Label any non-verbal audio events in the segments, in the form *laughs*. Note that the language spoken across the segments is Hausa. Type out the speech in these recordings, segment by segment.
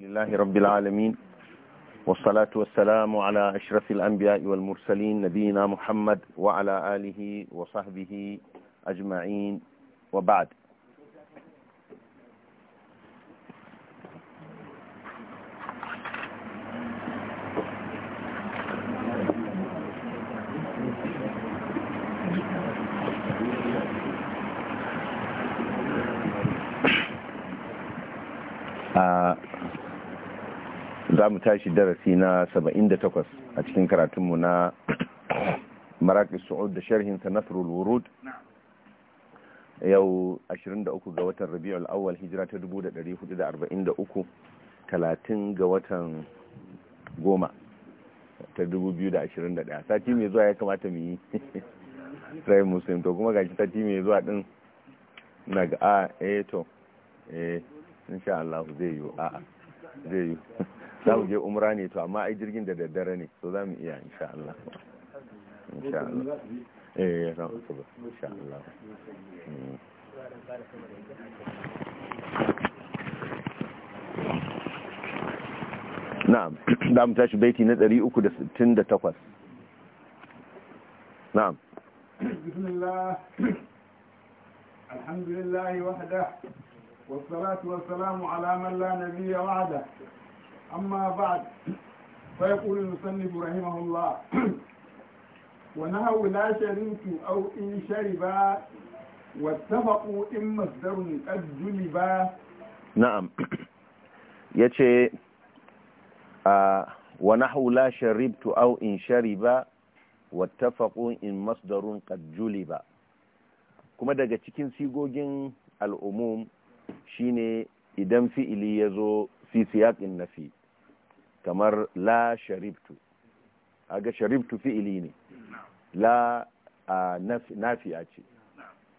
لله رب العالمين والصلاة والسلام على أشرف الأنبياء والمرسلين نبينا محمد وعلى آله وصحبه أجمعين وبعد mu tashi darasi na 78 a cikin karatunmu na maraƙi su'ud da sharhinsa nasrul wurud yau 23 ga watan rabi'ul awwal hijira ta 1443 30 ga watan goma ta 2021 sati mai zuwa ya kamata mu yi *laughs* sai muslim to kuma gashi sati mai zuwa din na ga a eh to eh insha Allah zai yi a zai yi *laughs* za mu je umra ne to amma ai jirgin da daddare ne so za mu iya insha Allah insha Allah eh ran usuba insha Allah hmm. na'am da *clears throat* mu tashi baiti na 368 na'am bismillah alhamdulillah wahda والصلاة والسلام على من لا نبي وعده أما بعد فيقول المصنف رحمه الله ونهوا لا شريك أو إن شربا واتفقوا إن مصدر قد جلبا نعم يتشي ونحو لا شربت أو إن شربا واتفقوا إن مصدر قد جلبا kuma daga cikin sigogin al'umum shine idan fi'ili ya zo fi siyaƙin nafi kamar la sharibtu aga sharibtu fi'ili ne la nafiya ce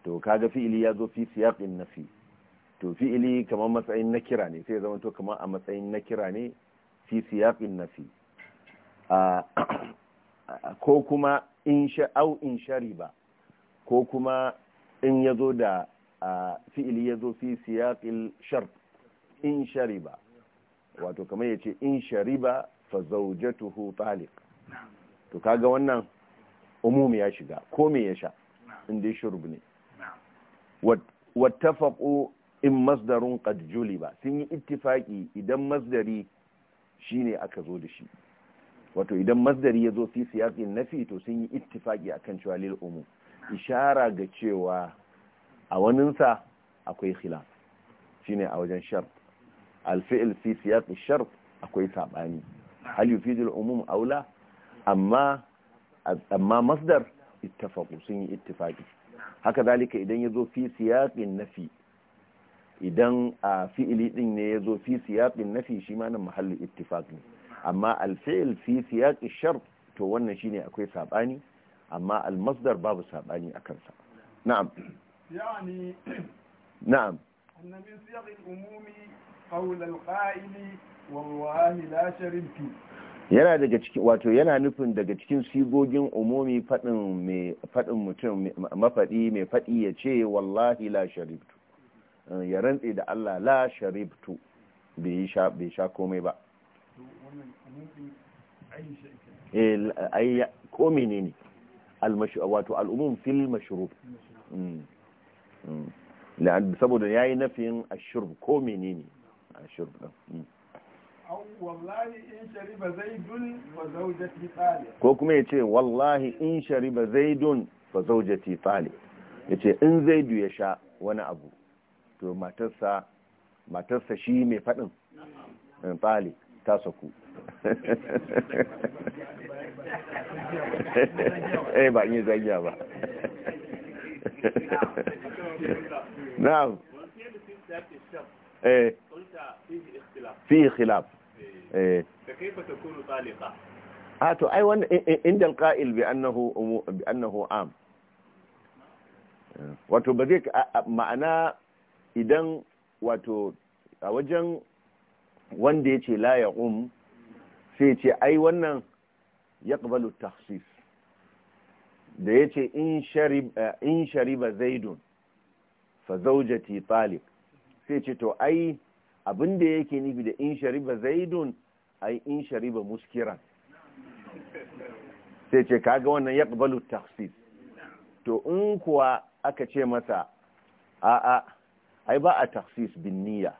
to kaga fi'ili ya zo fi siyaqin nafi to fi'ili kamar matsayin na kira ne sai zama to kamar a matsayin na kira ne fi siyaqin nafi *coughs* ko kuma in sha'au in shariba ko kuma in yazo da fi'ili yazo fi siyaqil shart in shariba wato kamar ya ce in shariba fa zaujatuhu talib to kaga wannan umumi ya shiga ko me ya sha in dai shurb ne wattafaqu in masdarun qad ba sun yi ittifaki idan masdari shine aka zo da shi wato idan masdari ya zo fi na nafi to sun yi ittifaki akan cewa lil umum ishara ga cewa a waninsa akwai khilaf shine a wajen shart الفعل في سياق الشرط أكوي ثاباني هل يفيد العموم أو لا أما, أما مصدر اتفقوا سنة اتفاقي هكذلك اذا يذو في سياق النفي اذا آه، فعل إذن يذو في سياق النفي شمانا محل اتفاقي أما الفعل في سياق الشرط تولنا شيني أكوي ثاباني أما المصدر باب ثاباني أكر نعم يعني نعم أن من سياق الأمومي قول القائل والله لا شريك yana daga cikin wato yana nufin daga cikin sigogin umumi fadin mai fadin mutum mafadi mai fadi ya ce wallahi la sharibtu eh, ya rantsi da Allah la sharibtu bai sha bai sha komai ba eh ai ko menene al wato al umum fil mashrub mm, mm. saboda yayi nafin ashrub ko menene a ko kuma ya ce wallahi in shariba zaidun fa zaujati tsali ya ce in zaidu ya sha wani abu to matarsa shi mai faɗin tsali ta saku eh ba yi ba na'am eh fihi khilaf eh da kaifa takunu taliqa a to ai wannan inda bi annahu bi am wato ba zai ma'ana idan wato a wajen wanda ya ce la ya um sai ce ai wannan ya ƙabalu taksis da ya ce in shariba zaidun fa zaujati talik sai ce to ai abin da yake nufi da in shariba zaidun ai in shariba muskiran sai ce kaga wannan ya ƙabalu tafsir to in kuwa aka ce masa a'a ai ba a tafsis bin niyya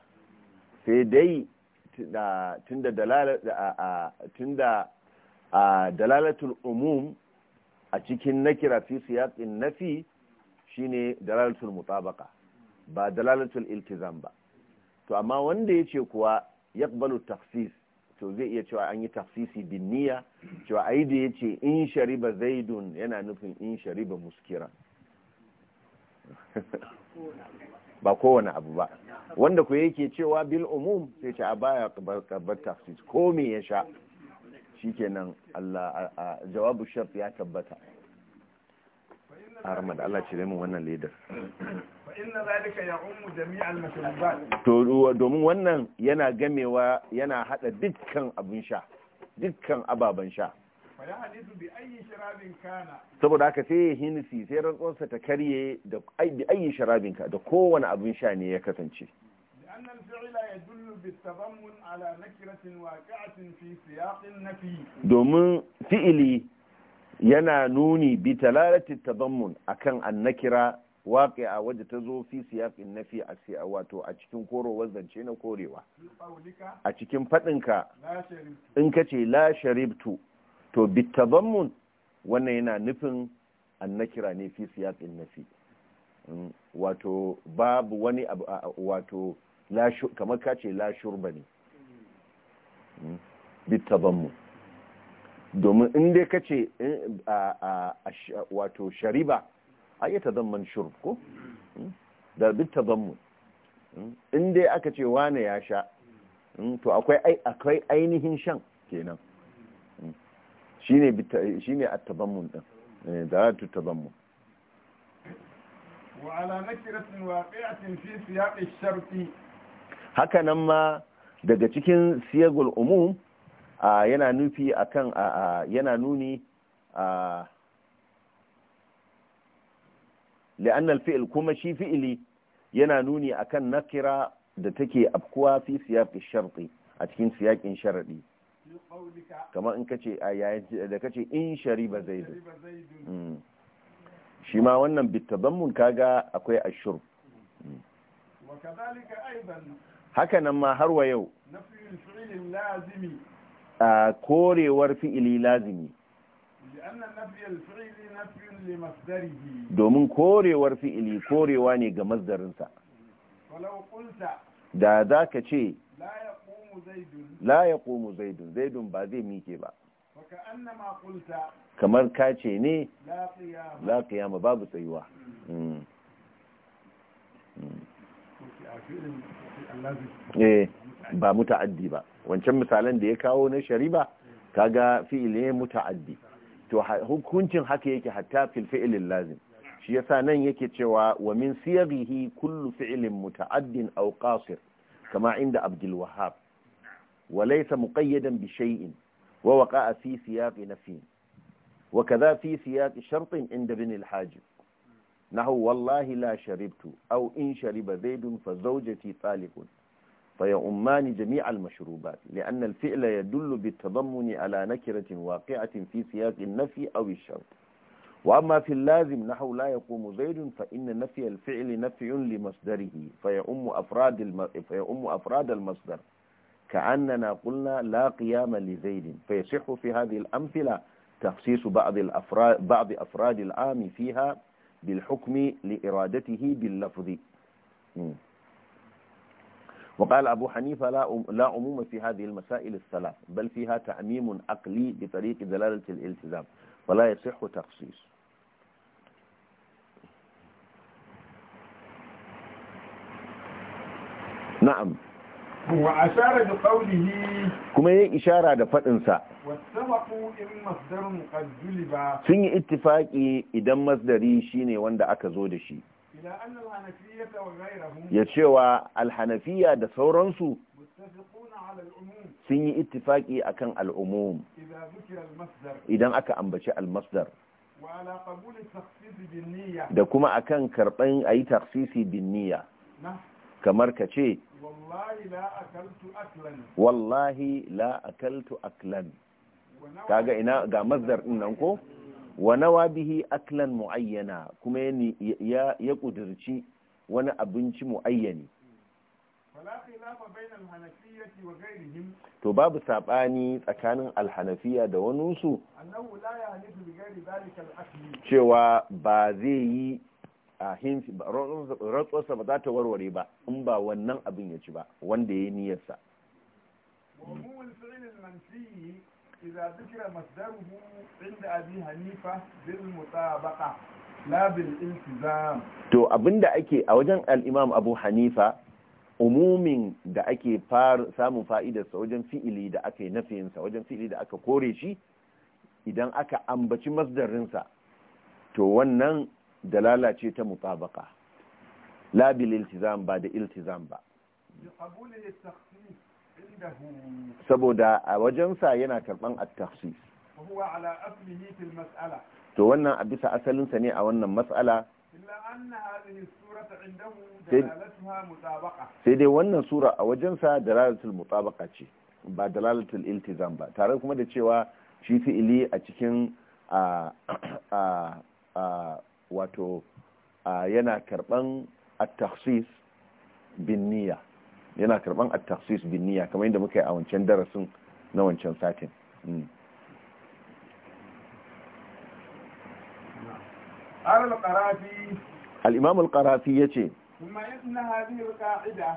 sai dai tunda dalalatul umum a cikin nakira fi siyaqin nafi shine dalalatul mutabaka ba dalalatul iltizam ba to amma wanda ya ce kuwa balu taksis to zai iya cewa an yi taksisi bin niyya cewa ai da ya ce in shariba zaidun yana nufin in shariba muskira *laughs* ba kowane abu ba wanda ku yake cewa bil umum sai ce a baya kabbar taksis ko me ya sha shi ke Allah jawabu shaf ya tabbata a ramad Allah cire min wannan ledar inna zalika ya ummu jami'al mashrubat to domin wannan yana gamewa yana hada dukkan abin sha dukkan ababen sha saboda haka sai ya hinisi sai rantsuwarsa ta karye da bi ayi sharabin ka da kowane abin sha ne ya kasance fi. domin fi'ili yana nuni bi talalati tadammun akan annakira a wadda ta zo fi na fi a wato a cikin koro zance na korewa a cikin faɗinka in ka ce la sharibtu to bitadammun wannan yana nufin annakira ne fi na fi mm, wato babu wani abu wato kamar ka ce la shurba ne mm, bitadammun domin in dai ka ce eh, wato shariba ai yatazamman shurb ko da bitazammun in dai aka ce wane ya sha to akwai ainihin shan kenan shine shine at-tazammun din zaratu eh, tazammun wa ala nakratin waqi'atin fi siyaq ash-sharti haka nan ma daga cikin siyagul umum yana nufi akan yana nuni a لأن الفعل كما شي فعلي ينانوني أكن نكرة دتكي أبقوا في سياق الشرطي أتكين سياق إن شرطي كما إنك كتي آيات كتي إن شريب زيد shi ma wannan bittabanmun kaga akwai ashur haka nan ma har wa yau korewar fi'ili lazimi domin korewar fi'ili korewa ne ga masdarinsa da za ka ce la ya ƙomu zaidun zaidun ba zai mike ba kamar ka ce ne la kiyama babu tsayuwa ba muta'addi ba wancan misalan da ya kawo na shari'a kaga fi'ile muta'addi to hukuncin haka yake hatta fil fi'lil lazim shi yasa nan yake cewa wa min siyaghihi kullu fi'lin muta'addin aw qasir kama inda Abdul Wahhab wa laysa muqayyadan bi shay'in wa waqa'a fi siyaq nafi wa kadha fi siyaq shart inda bin al-hajj la والله au in أو إن شرب زيد فزوجتي طالق فيؤمان جميع المشروبات لأن الفعل يدل بالتضمن على نكرة واقعة في سياق النفي أو الشرط وأما في اللازم نحو لا يقوم زيد فإن نفي الفعل نفي لمصدره فيؤم أفراد, الم... فيؤم أفراد المصدر كأننا قلنا لا قيام لزيد فيصح في هذه الأمثلة تخصيص بعض, الأفراد... بعض أفراد العام فيها بالحكم لإرادته باللفظ م. وقال أبو حنيفة لا لا عموم في هذه المسائل الثلاث بل فيها تعميم عقلي بطريق دلالة الالتزام ولا يصح تخصيص نعم وأشار بقوله كما هي إشارة da faɗinsa wasabaqu إن مصدر قد juliba sun اتفاقي اذا مصدري masdari shine wanda aka ya cewa alhanafiya da sauransu sun yi ittifaki akan al'umum idan aka ambaci almasdar da kuma akan karɓan a yi taksisi bin kamar ka ce wallahi la akaltu aklan kaga ina ga masdar ɗin ko wa nawa bihi aklan muayyana kuma ya ya kudirci wani abinci muayyani to babu saɓani tsakanin alhanafiya da waninsu cewa ba zai yi a hinsi ratsuwarsa ba za ta warware ba in ba wannan abin ya ci ba wanda ya yi niyarsa إذا ذكر مصدره عند أبي حنيفة بالمطابقة لا بالالتزام تو أبندا أكي أوجن الإمام أبو حنيفة umumin da ake samun fa'idarsa wajen fi'ili da aka yi nafiyinsa wajen fi'ili da aka kore shi idan aka ambaci masdarinsa to wannan dalala ce ta mutabaka labil iltizam ba da iltizam ba saboda a wajensa yana karban at to wannan a bisa asalinsa ne a wannan matsala. sai dai wannan sura a wajensa dalalatul mutabaka ce ba dalalatul iltizam ba tare kuma da cewa shi fi'ili a cikin wato yana karban at-takhsis bin niyya yana karban at-takhsis bin niyya kamar yadda muka yi a wancan darasin na wancan satin hmm. al-imam al-qarafi yace kuma inna hadhihi al-qa'ida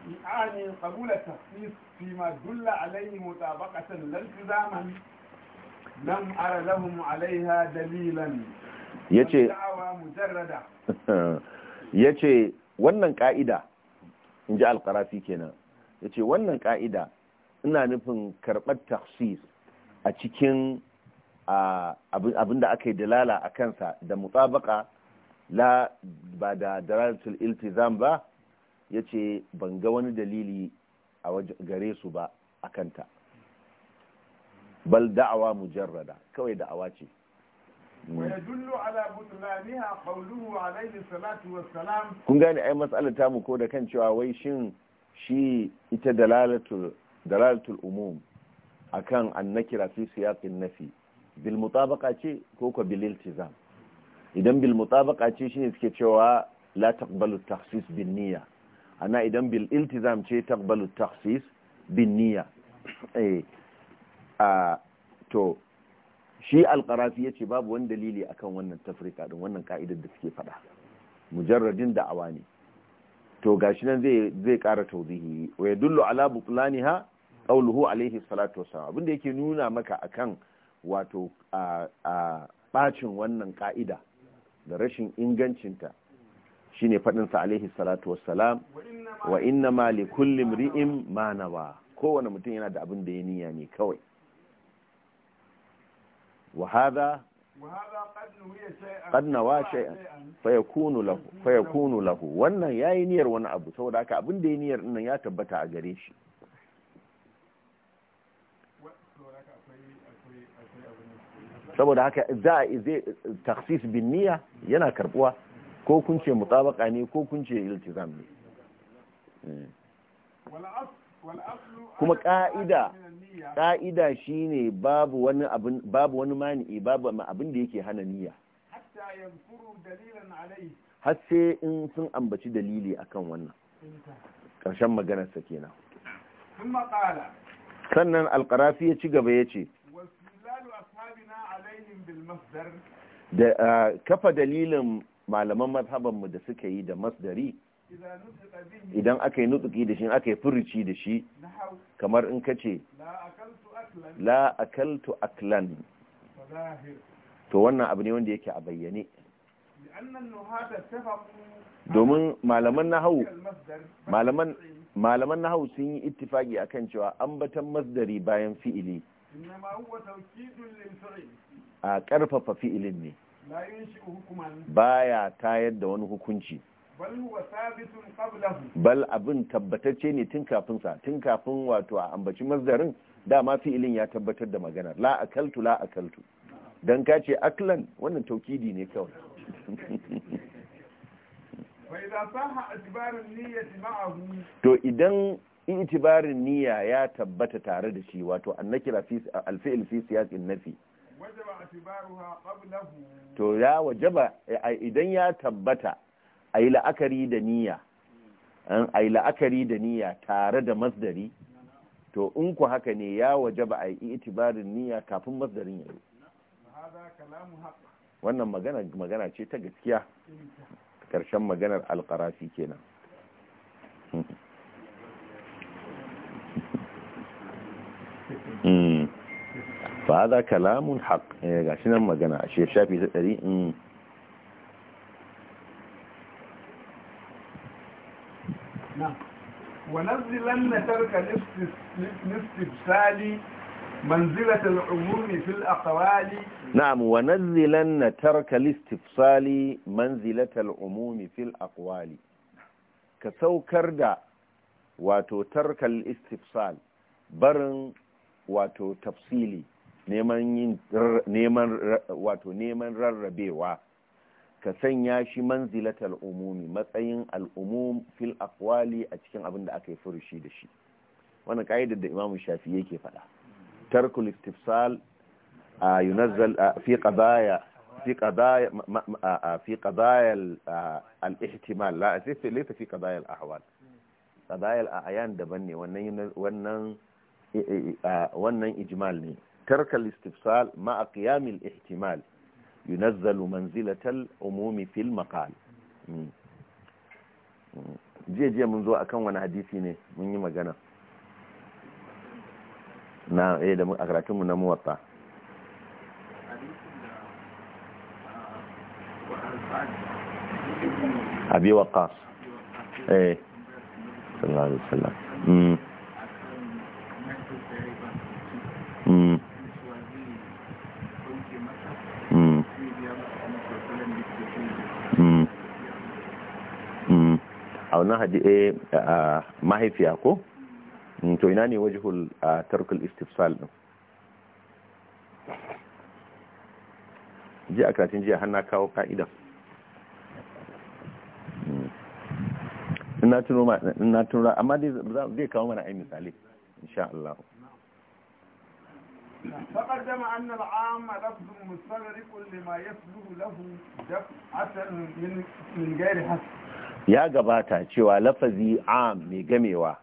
يعني قبول التخصيص فيما دل عليه مطابقة لا التزاما لم أر لهم عليها دليلا يتي دعوة مجردة يتي wannan ka'ida in ji alkarafi kenan ya ce wannan ka'ida ina nufin karɓar tafsir a cikin abin da aka yi dalala a kansa da mutabaka la ba da daratul iltizam ba ya ce ban ga wani dalili a gare su ba a kanta bal da'awa mujarrada kawai da'awa ce ويدل على بطلانها قوله عليه الصلاة والسلام كن غاني أي مسألة تامو كودا كان شوى ويشن شي إتا دلالة دلالة الأموم أكان النكرة في سياق النفي بالمطابقة شي كوكا بالالتزام idan bil mutabaka شي نسكي suke لا تقبل التخصيص takhsis bin niyya بالالتزام idan تقبل التخصيص ce taqbalu takhsis تو shi alkarafi ya ce babu wani dalili akan wannan tafrika din wannan ka'idar da suke faɗa mujarradin da awa ne to gashi nan zai zai ƙara tauzihi wa dullo ala butlaniha qawluhu alayhi salatu Abin abinda yake nuna maka akan wato a bacin wannan ka'ida da rashin ingancinta shine faɗinsa sa alayhi salatu wassalam wa inna ma ma kowane mutum yana da abin da ya niyya ne kawai وهذا قد نوى شيئا فيكون له فيكون له wannan yayi niyyar wani abu saboda haka abin da yayi niyyar nan ya tabbata a gare shi saboda haka za a zai takhsis bin niyya yana karbuwa ko kun ce mutabaka ne ko kun ce iltizam ne hmm. kuma ka'ida ƙa'ida shi ne babu wani mani'i babu abin da yake hana niyya har sai in sun ambaci dalili akan wannan ƙarshen maganarsa kenan sannan alƙarafi ya ci gaba ya ce da ah, kafa dalilin malaman mazhabanmu da suka yi da masdari idan aka yi nutsuki da shi aka yi furuci da shi kamar in ka ce la aklan to wannan abu ne wanda yake a bayyane domin malaman hau malaman na hau sun yi ittifaki kan cewa ambatan masdari bayan fi'ili a ƙarfafa fi'ilin ne baya tayar da wani hukunci bal abin tabbatacce ne tun kafin sa tun kafin wato a ambaci masdarin dama fi'ilin ya tabbatar da magana. la akaltu la akaltu dan ka ce aklan wannan taukidi ne kawai to idan itibarin niyya ya tabbata tare da shi wato annakira fi alfi'il fi siyaqin nafi to ya wajaba idan ya tabbata a yi la'akari da niyya a yi la'akari da niyya tare da masdari to in ku haka ne ya waje ba a yi itibarin niyya kafin masdarin ya yi wannan magana magana ce ta gaskiya ƙarshen maganar alƙarafi kenan hmm. fa hada kalamun haq eh, ga shi nan magana a shafi ونزلن ترك الاستفسال منزلة العموم في الأقوال نعم ونزلن ترك الاستفصال منزلة العموم في الأقوال كسوكر دا واتو ترك الاستفصال برن واتو تفصيلي neman yin neman wato neman rarrabewa ka sanya shi manzilatal al’umumi matsayin al'umum fil akwali a cikin abin da aka yi furushi da shi wani ka'idar da imamu shafi yake fada tarkul istifsal a yunazal fi qadaya fi qadaya fi qadaya al-ihtimal la laysa fi qadaya al-ahwal qadaya al-ayan daban ne wannan wannan wannan ijmal ne tarkul istifsal ma qiyam al-ihtimal yunazzalu manzilatal umumi fil maqal hmm. Hmm. jiya jiya mun zo akan wani hadisi ne mun yi magana na eh da a karatun mu na muwatta abi waqas eh sallallahu alaihi a wannan eh, a mahaifiya ko mm, to ina ne wajihul tarkul istifsal din ji a karatun jiya har kawo ka'ida mm. ina tuno amma zai kawo mana ai misali insha Allah تقدم أن العام لفظ مستغرق لما له دفعة من غير يا gabata cewa lafazi عام mai gamewa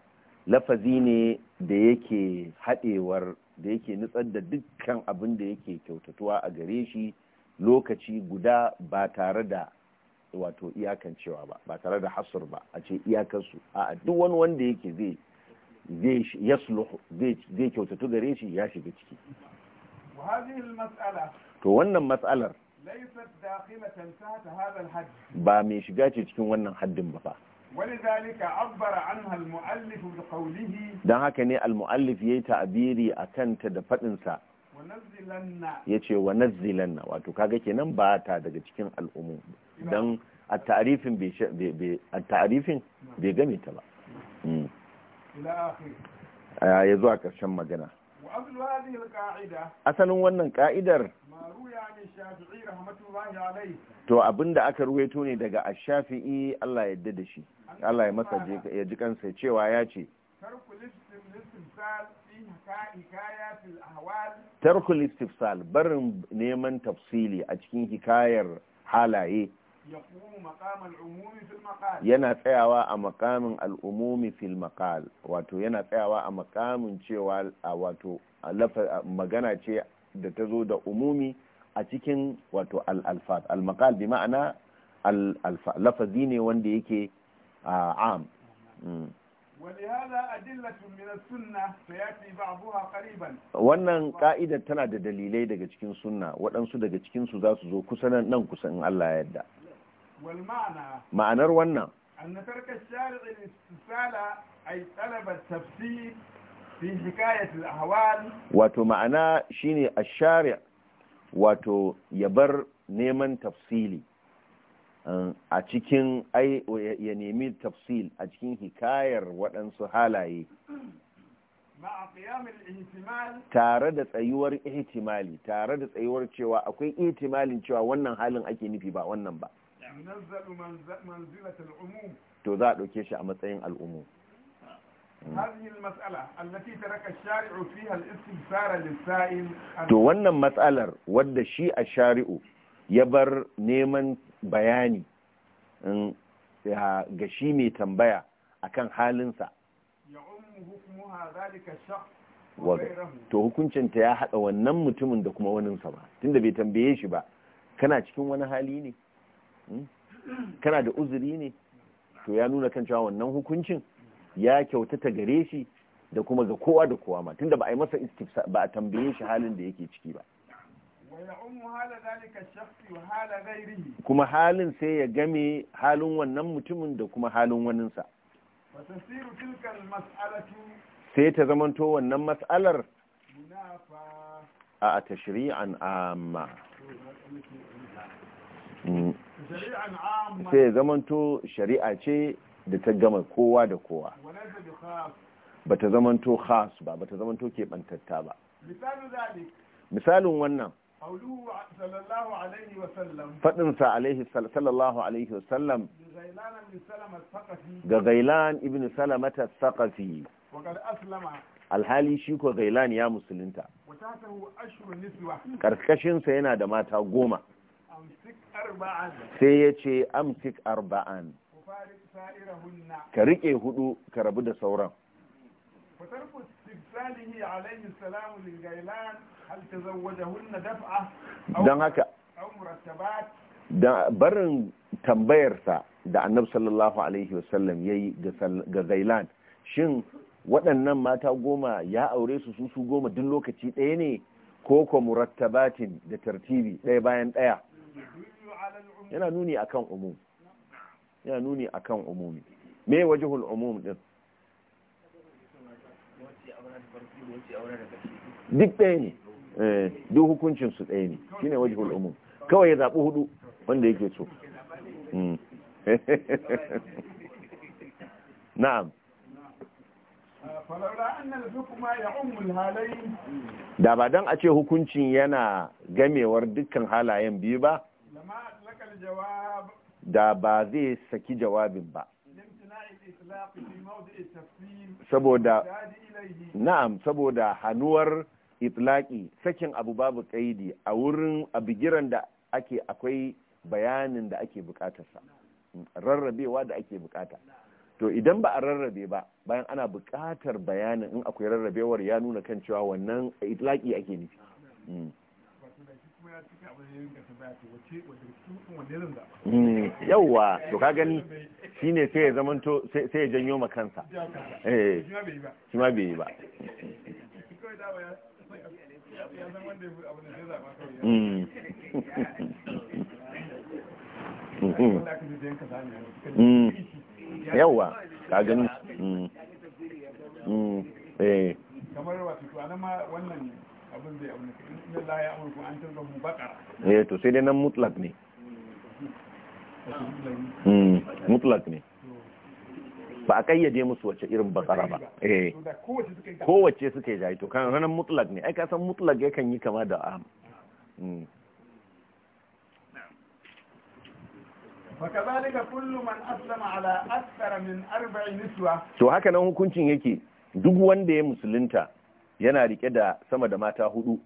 lafazi ne da yake haɗewar da yake nutsar da dukkan abin da yake kyautatuwa a gare shi lokaci guda ba tare da wato iyakancewa ba ba tare da hasur ba a ce iyakansu a duk wani wanda yake zai zai kyautatu gare shi ya shiga ciki to wannan matsalar ba mai shiga ce cikin wannan haddin ba fa ولذلك dan haka ne al-muallif yi ta'biri a ta da faɗinsa. sa ce yace wanazzilanna wato kaga kenan ba ta daga cikin al'umu dan a tarifin bai at-ta'rifin bai game ta ba ya zuwa ƙarshen magana asalin wannan ka'idar to abinda aka ruwaito ne daga ashafi'i Allah ya yadda da shi Allah ya masa ya ji kansa cewa ya ce tarkulistifsal barin neman tafsili a cikin hikayar halaye yana tsayawa a makamin al'umumi fil maqal wato yana tsayawa a makamin cewa a wato magana ce da ta zo da umumi a cikin wato al-alfaz al-maqal bi ma'ana lafazi ne wanda yake am hmm. wannan ka'idar tana da dalilai daga cikin sunna waɗansu daga cikinsu za su zo kusan nan kusan in Allah ya yadda ma'anar wannan Wato ma'ana الشارع الاستسال أي طلب التفسير في حكاية الأحوال واتو a cikin ai ya nemi tafsil a cikin hikayar waɗansu halaye tare da tsayuwar ihtimali tare da tsayuwar cewa akwai ihtimalin cewa wannan halin ake nufi ba wannan ba to za a ɗauke shi a matsayin al'umu to wannan matsalar wadda shi a shari'u ya bar neman bayani ga shi mai tambaya akan halinsa to hukuncinta ya haɗa wannan mutumin da kuma waninsa ba tunda bai tambaye shi ba kana cikin wani hali ne kana da uzuri ne to ya nuna kan cewa wannan hukuncin ya kyautata gare shi da kuma ga kowa da kowa ma tunda ba a yi masa istifsa ba a tambaye shi halin da yake ciki ba kuma halin sai ya game halin wannan mutumin da kuma halin waninsa sai ta zamanto wannan mas'alar a tashri'an amma sai ya zamanto shari'a ce da ta gama kowa da kowa ba ta zamanto khas ba ba ta zamanto keɓantatta ba misalin wannan faɗinsa sallallahu alaihi wasallam ga gailan ibn salamata saƙafi alhali shi ko gailan ya musulunta ƙarƙashinsa yana da mata goma sai ya ce amsik arba'an ka riƙe hudu ka rabu da sauran don haka barin tambayarsa da annab sallallahu alaihi wasallam ya yi ga zailan shin waɗannan mata goma ya aure su su su goma duk lokaci ɗaya ne ko ko murattabatin da tartibi ɗaya bayan ɗaya yana nuni akan umum yana nuni akan umumi me wajhul umum din duk ɗaya ne eh, duk hukuncin su ɗaya ne shine wajhul umum kawai ya zaɓi hudu wanda yake so hmm. *laughs* na'am da ba don a ce hukuncin yana gamewar dukkan halayen biyu ba da ba zai saki jawabin ba saboda na'am saboda hannuwar itlaki sakin abu babu kaidi a wurin abigiran da ake akwai bayanin da ake bukatarsa rarrabewa da ake bukata to idan ba a rarrabe ba bayan ana buƙatar bayanin in akwai rarrabewar ya nuna kan cewa wannan itlaki ake nufi hmm. Hmm. yauwa to ka gani shine sai ya zamanto sai ya janyo ma eh, shi ma bai yi ba Mm. yawa ka gani mm. Mm, eh. kamar mutlak ne mm, mutlak ne ba a kayyade musu wace irin bakara ba eh. kowace suka yi to kan ranar mutlak ne ai ka san mutlak yakan yi kama da am um, فكذلك كل من أسلم على أكثر من أربع نسوة تو هكذا hukuncin yake duk wanda ya musulunta yana rike da sama da mata hudu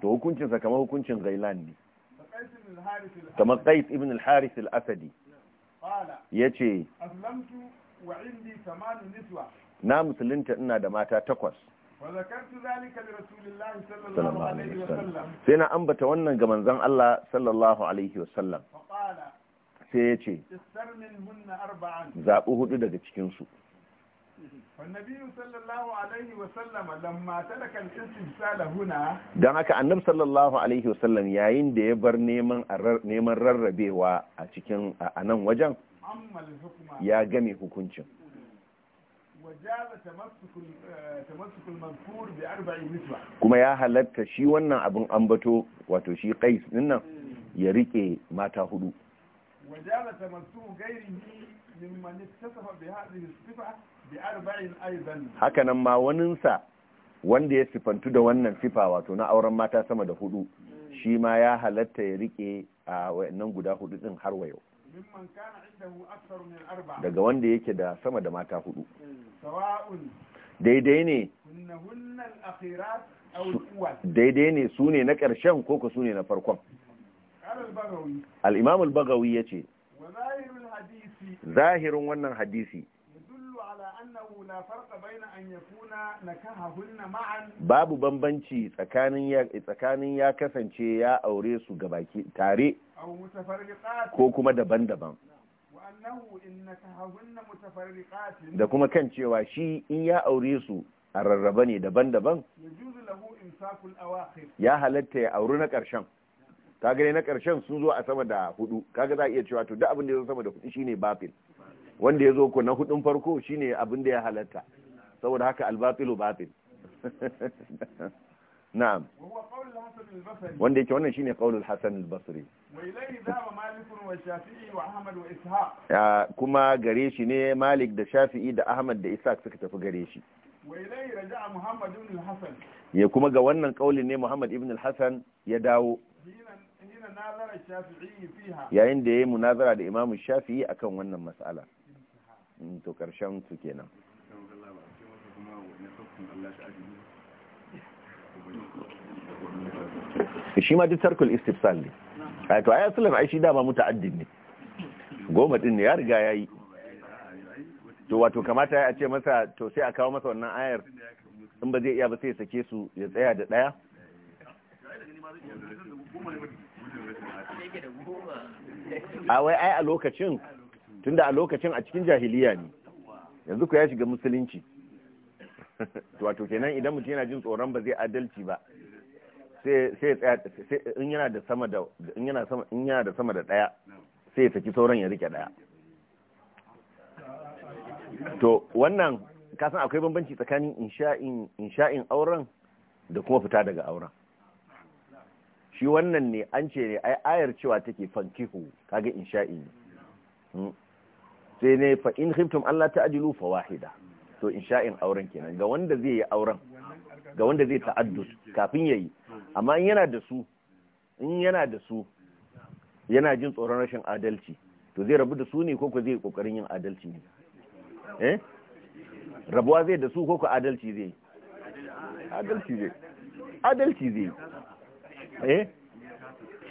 to hukuncin sa kamar hukuncin gailan ne kamar Qais ibn al-Harith al-Asadi yace aslamtu wa indi thamanu niswa na musulunta ina da mata takwas sai na ambata wannan ga manzon Allah sallallahu alaihi wasallam sai ya ce zaɓi hudu daga cikinsu don haka annab sallallahu alaihi wasallam yayin da ya bar neman rarrabewa a cikin a nan wajen ya game hukuncin kuma ya halatta shi wannan abin ambato wato shi kais dinnan ya rike mata hudu hakanan haka nan ma waninsa wanda ya sifantu da wannan sifa wato na auren mata sama da hudu shi ma ya halatta ya rike a wayannan guda hudu din har wayo daga wanda yake da sama da mata hudu daidai ne daidai ne su ne na ƙarshen koko su ne na farkon Alimamul al-bagawi ya ce zahirin wannan hadisi babu bambanci tsakanin ya kasance ya aure su gabaki tare ko kuma daban-daban da kuma kan cewa shi in ya aure su a rarraba ne daban-daban ya halatta ya auri na ƙarshen kaga ne na ƙarshen sun zo a sama da hudu kaga za a iya cewa to da abin da ya zo sama da hudu shine bafin. wanda ya zo ku na hudun farko shine abin da ya halatta saboda haka albatilu batil *laughs* na'am wanda yake wannan shine qaulul hasan al-basri kuma gare shi ne malik da shafi'i da ahmad da ishaq suka tafi gare shi ya kuma ga wannan kaulin ne muhammad ibn al-hasan ya dawo yayin da ya yi munazara da imamu shafi'i akan wannan mas'ala to karshen su kenan shi ma duk sarkul istifsal ne a to ayat sulam ai shi dama muta'addin ne goma din ne ya riga yayi to wato kamata ya ce masa to sai a kawo masa wannan ayar in ba zai iya ba sai sake su ya tsaya da daya a wai ai a lokacin tunda a lokacin a cikin jahiliya ne yanzu ku ya shiga musulunci *laughs* wato kenan idan mutum yana jin tsoron ba zai adalci ba sai in yana da sama da in daya sai ya saki sauran ya rike daya to wannan kasan akwai bambanci tsakanin insha'in insha'in auren da kuma fita daga auren shi wannan ne an ce ne ai ayar cewa take fankihu kaga insha'i ne hmm. sai ne fa in khiftum Allah ta'jilu fa wahida to in auren kenan ga wanda zai yi auren ga wanda zai ta'addud kafin yayi amma in yana da su in yana da su yana jin tsoron rashin adalci to zai rabu da su ne ko ko zai kokarin yin adalci ne eh rabuwa zai da su ko ko adalci zai adalci zai adalci zai eh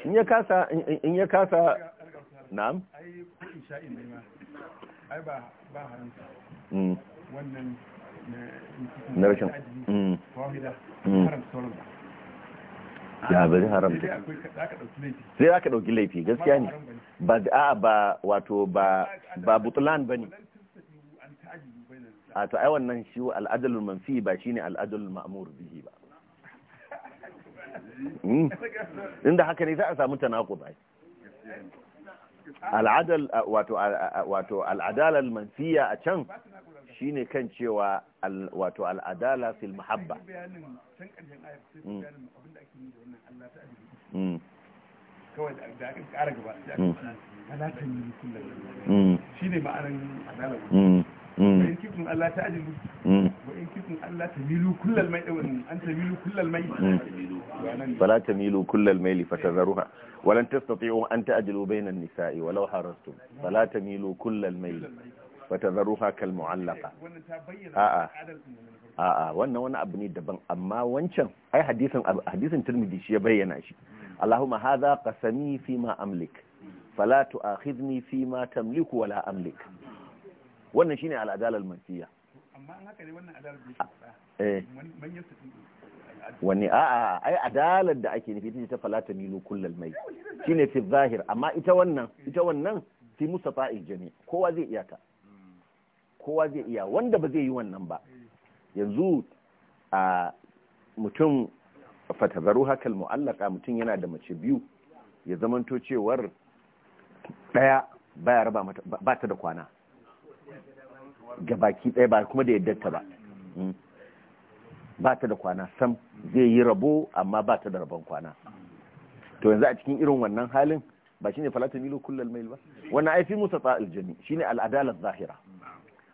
in ya kasa in ya kasa na'am ai ba ba haramta mm. wannan eh, na rashin mm. Mm. ya bari sai za ka ɗauki laifi gaskiya ne ba a ba wato ba ba butulan ba ne a ta ai wannan shi al'ajalul manfi ba shine al'ajalul ma'mur bihi ba *laughs* inda haka ne za a samu ku ba al'adal wato wato al'adala manfiya a can shine kan cewa wato al'adala fil muhabba kawai da aka kara gaba da aka fara shi ne ma'anar adalar in mm. kifin Allah ta ajilu wa mm. in kifin Allah ta milu kullal mai an ta milu kullal mai mm. fala ta milu kullal mai fatazruha walan tastati'u an ta'dilu bainan nisa'i walau harastum fala ta milu kullal mai fatazruha kal mu'allaqa eh, a'a a'a wannan wani abu ne daban amma wancan ai hadisin hadisin Tirmidhi shi ya bayyana shi Allahumma hadha qasami fi ma amlik fala tu'akhidni fi ma tamliku wala amlik wannan shine al'adalar mansiya amma an haka ne wannan adalar da yake manyan wani a'a ai adalar da ake nufi ta falata milu kullal mai shine fi zahir amma ita wannan ita wannan fi mustafa jami kowa zai iya ta kowa zai iya wanda ba zai yi wannan ba yanzu a mutum fatazaru hakal mu'allaka mutum yana da mace biyu ya zamanto cewar daya baya raba mata ba ta da kwana Ga baki ɗaya ba kuma da yaddarta ba mm. ba ta da kwana sam zai yi rabo amma ba ta da rabon kwana to yanzu a cikin irin wannan halin ba shine falata milo kullal mail ba wannan ai fi musa ta aljami shine al'adalar zahira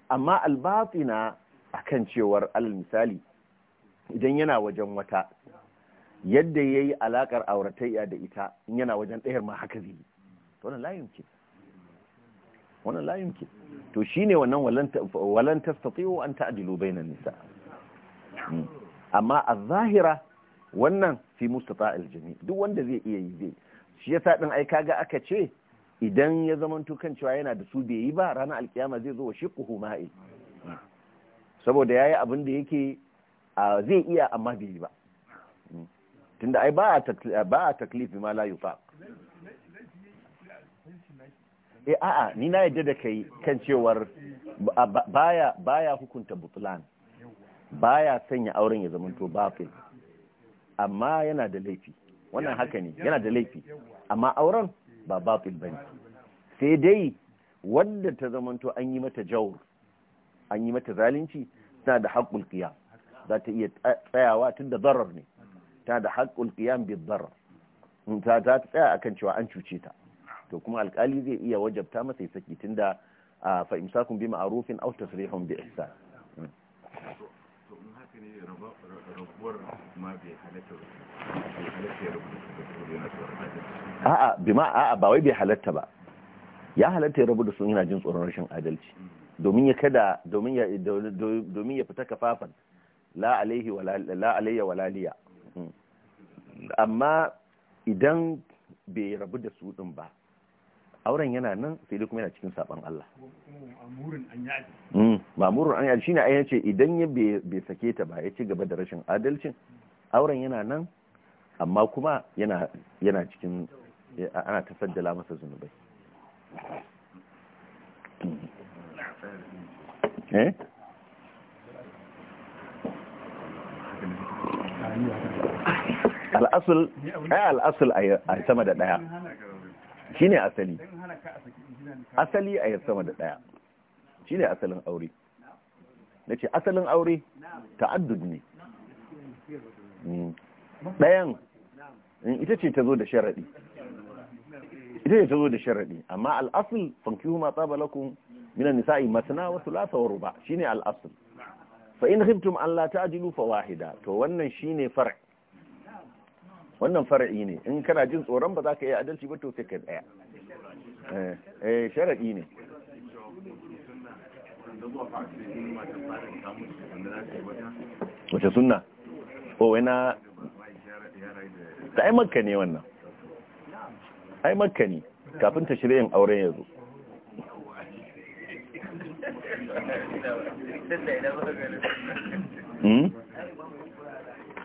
amma a akan cewar al misali idan yana wajen wata yadda yayi alakar auratayya da ita in yana wajen ɗayar ma haka zai to wannan layin ce. wannan la yumkin to shine wannan walan tastati'u an ta'dilu bainan nisa hmm. amma az-zahira wannan fi mustata'il jami duk wanda zai iya yi zai shi yasa din ai kaga aka ce idan ya zamanto kan cewa yana da su bai yi ba ranar alkiyama zai zo wa shiqquhu ma'i saboda yayi abin da yake zai iya amma bai yi ba hmm. tunda ai ba a ba taklifi ma la yufaq eh a'a ni na yadda da kai kan cewar baya baya hukunta butlan baya sanya auren ya to Bafil amma yana da laifi wannan haka ne yana da laifi amma auren ba bafil bane sai dai wanda ta to an yi mata jawr an yi mata zalunci tana da haƙƙul qiyam za ta iya tsayawa tun da zarar ne tana da haƙƙul qiyam bi zarar ta ta tsaya akan cewa an cuce ta to kuma alkali zai iya wajabta masa ya saki tunda fa imsakun bi ma'arufin aw tasrihun bi ihsan a'a bima a'a ba wai bai halatta ba ya halatta ya rabu da sun yana jin tsoron rashin adalci domin ya kada domin ya domin ya fita kafafan la alaihi wala la alayya hmm. amma idan bai rabu da su din ba auren yana nan sai dai kuma yana cikin saban Allah mamurin an yi hmm, ne ai ce idan ya bai sake ta ba ya ci gaba da rashin adalcin auren yana nan amma kuma yana cikin ana tafaddala masa zunubai hmm. eh? al'asul ai al'asul a sama da daya ne asali asali a yi sama da ɗaya ne asalin aure na ce asalin aure ta'addud ne mm. ɗayan mm, ita ce ta zo da sharaɗi ita ce ta zo da sharaɗi amma al'asul fankihu ma tsaba lakum min an-nisa'i masna wasu thulatha ba shi shine al'asul fa in khiftum an la ta'dilu fa wahida to wannan shi ne fara wannan fara'i ne in kana jin tsoron ba za ka yi adalci ba to sai ka tsaya eh, eh sharaɗi ne wace sunna o oh, wena ta ai ne wannan ai ne kafin ta shirya yin auren yanzu Hmm?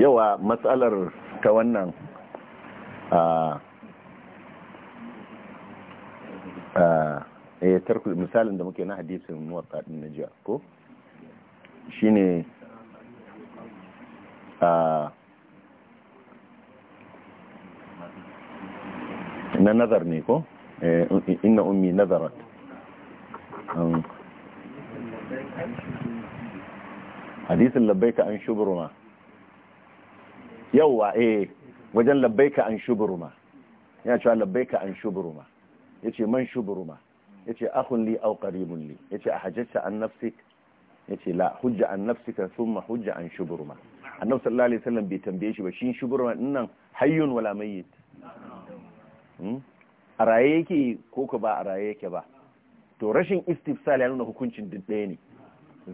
yawa matsalar ta wannan misalin da muke na hadisun muwatsa din na jiya ko a na nazar ne ko e, inna ummi nazarat labbai labbaika an shubruma yauwa eh wajen labbaika an shuburuma ya cewa labbaika an shuburuma yace man shuburuma yace ahun li au karimun li yace hajjata an nafsik yace la hujja an nafsika ma hujja an shuburuma annabi sallallahu alaihi wasallam bai tambaye shi ba shi shuburuma dinnan hayyun wala mayyit hmm? a raye yake ko ka ba a raye yake ba to rashin istifsal ya nuna hukuncin duk ɗaya ne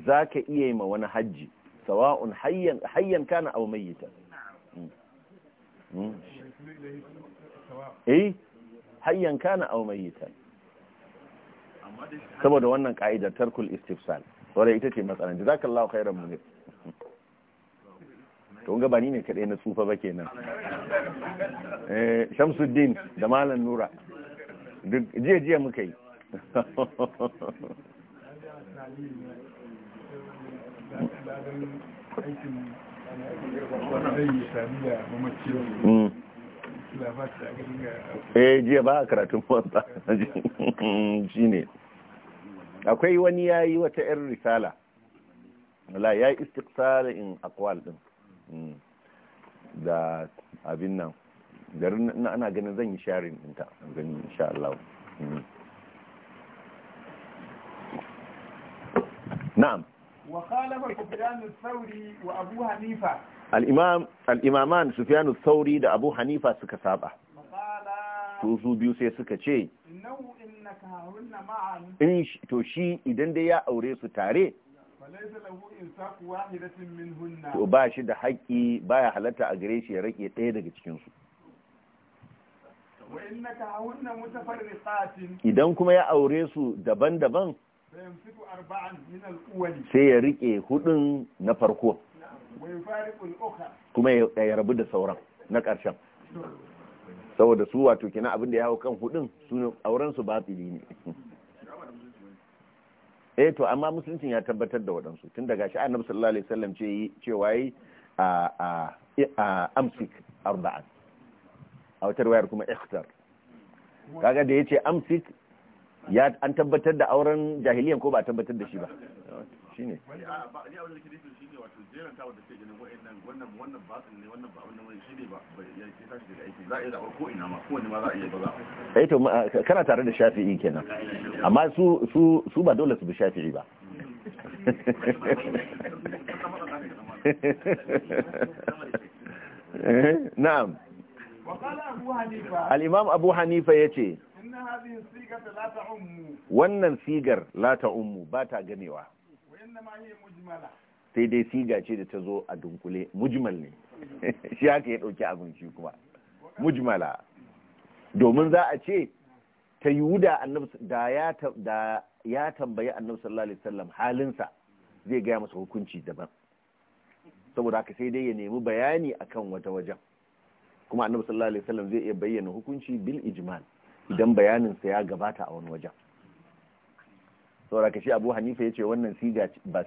zaka iya yi ma wani hajji sawa'un hayyan hayyan kana aw mayyitan Hmm. eh hayyan kana aw mayyitan saboda wannan ka'idar tarkul istifsal saboda ita ce matsalan jazakallahu khairan munir to ga bani ne kadai na tsufa ba kenan eh Shamsuddin da Malam Nura duk jiya jiya muka yi you. *laughs* Mm. eh jiya ba a karatun wata *laughs* shi ne akwai wani ya yi wata 'yan risala la ya yi istiksala in akwal din mm. da abin nan garin ana ganin zan yi sharin dinta gani insha Allah mm. na'am وخالف Sufyanu sauri da abu hanifa suka saba su biyu sai suka ce in to shi idan dai ya aure su tare to ba shi da haƙƙi baya halatta a gare shi ya rake ɗaya daga cikinsu idan kuma ya aure su daban-daban sai ya rike hudun na farko kuma ya rabu da sauran na ƙarshen saboda su wato kina abin da ya hau kan hudun su auren su batili ne eh to amma musuluncin ya tabbatar da waɗansu tun daga shi annabi sallallahu alaihi wasallam ce cewa yi a a amsik arba'an a wata riwayar kuma ikhtar kaga da yace amsik ya an tabbatar da auren jahiliyan ko ba tabbatar da shi ba shine eh to kana tare da shafi'i kenan amma su su su ba dole su bi shafi'i ba *laughs* eh, na'am al-imam abu hanifa yace wannan sigar la ta ummu ba ta ganewa sai dai siga ce da ta zo a dunkule mujmal ne *laughs* shi haka ya ɗauki abinci kuma mujmala domin za a ce ta yi wuda da ya tambayi annabi sallallahu alaihi wasallam halinsa zai gaya masa hukunci daban saboda haka sai dai ya nemi bayani akan wata wajen kuma annabi sallallahu alaihi wasallam zai iya bayyana hukunci bil ijmal idan bayaninsa ya gabata a wani wajen saura ka shi abu hanifa ya ce wannan ba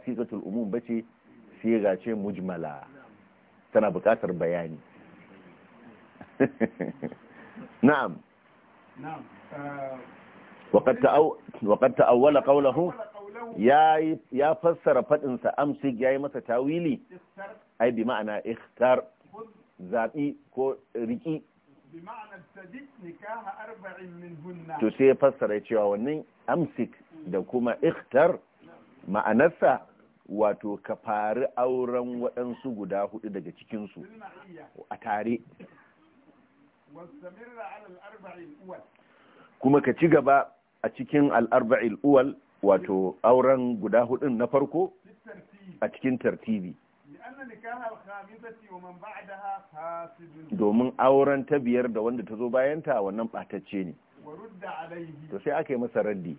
sigatul umum ba ce siga ce mujmala tana bukatar bayani *laughs* na'am uh, waƙar ta'awwala ƙaunahu ya fassara faɗinsa amsig ya yi masa tawili ai bi ma'ana ikhtar zaɓi ko riƙi to sai ya fassara cewa wannan amsik da kuma ikhtar ma'anarsa wato ka fari auren waɗansu guda hudu daga cikinsu a tare kuma ka ci gaba a cikin al'arba'il uwal wato auren guda hudun na farko a cikin tartibi domin auren ta biyar da wanda ta zo bayanta wannan batacce ne to sai aka yi masa raddi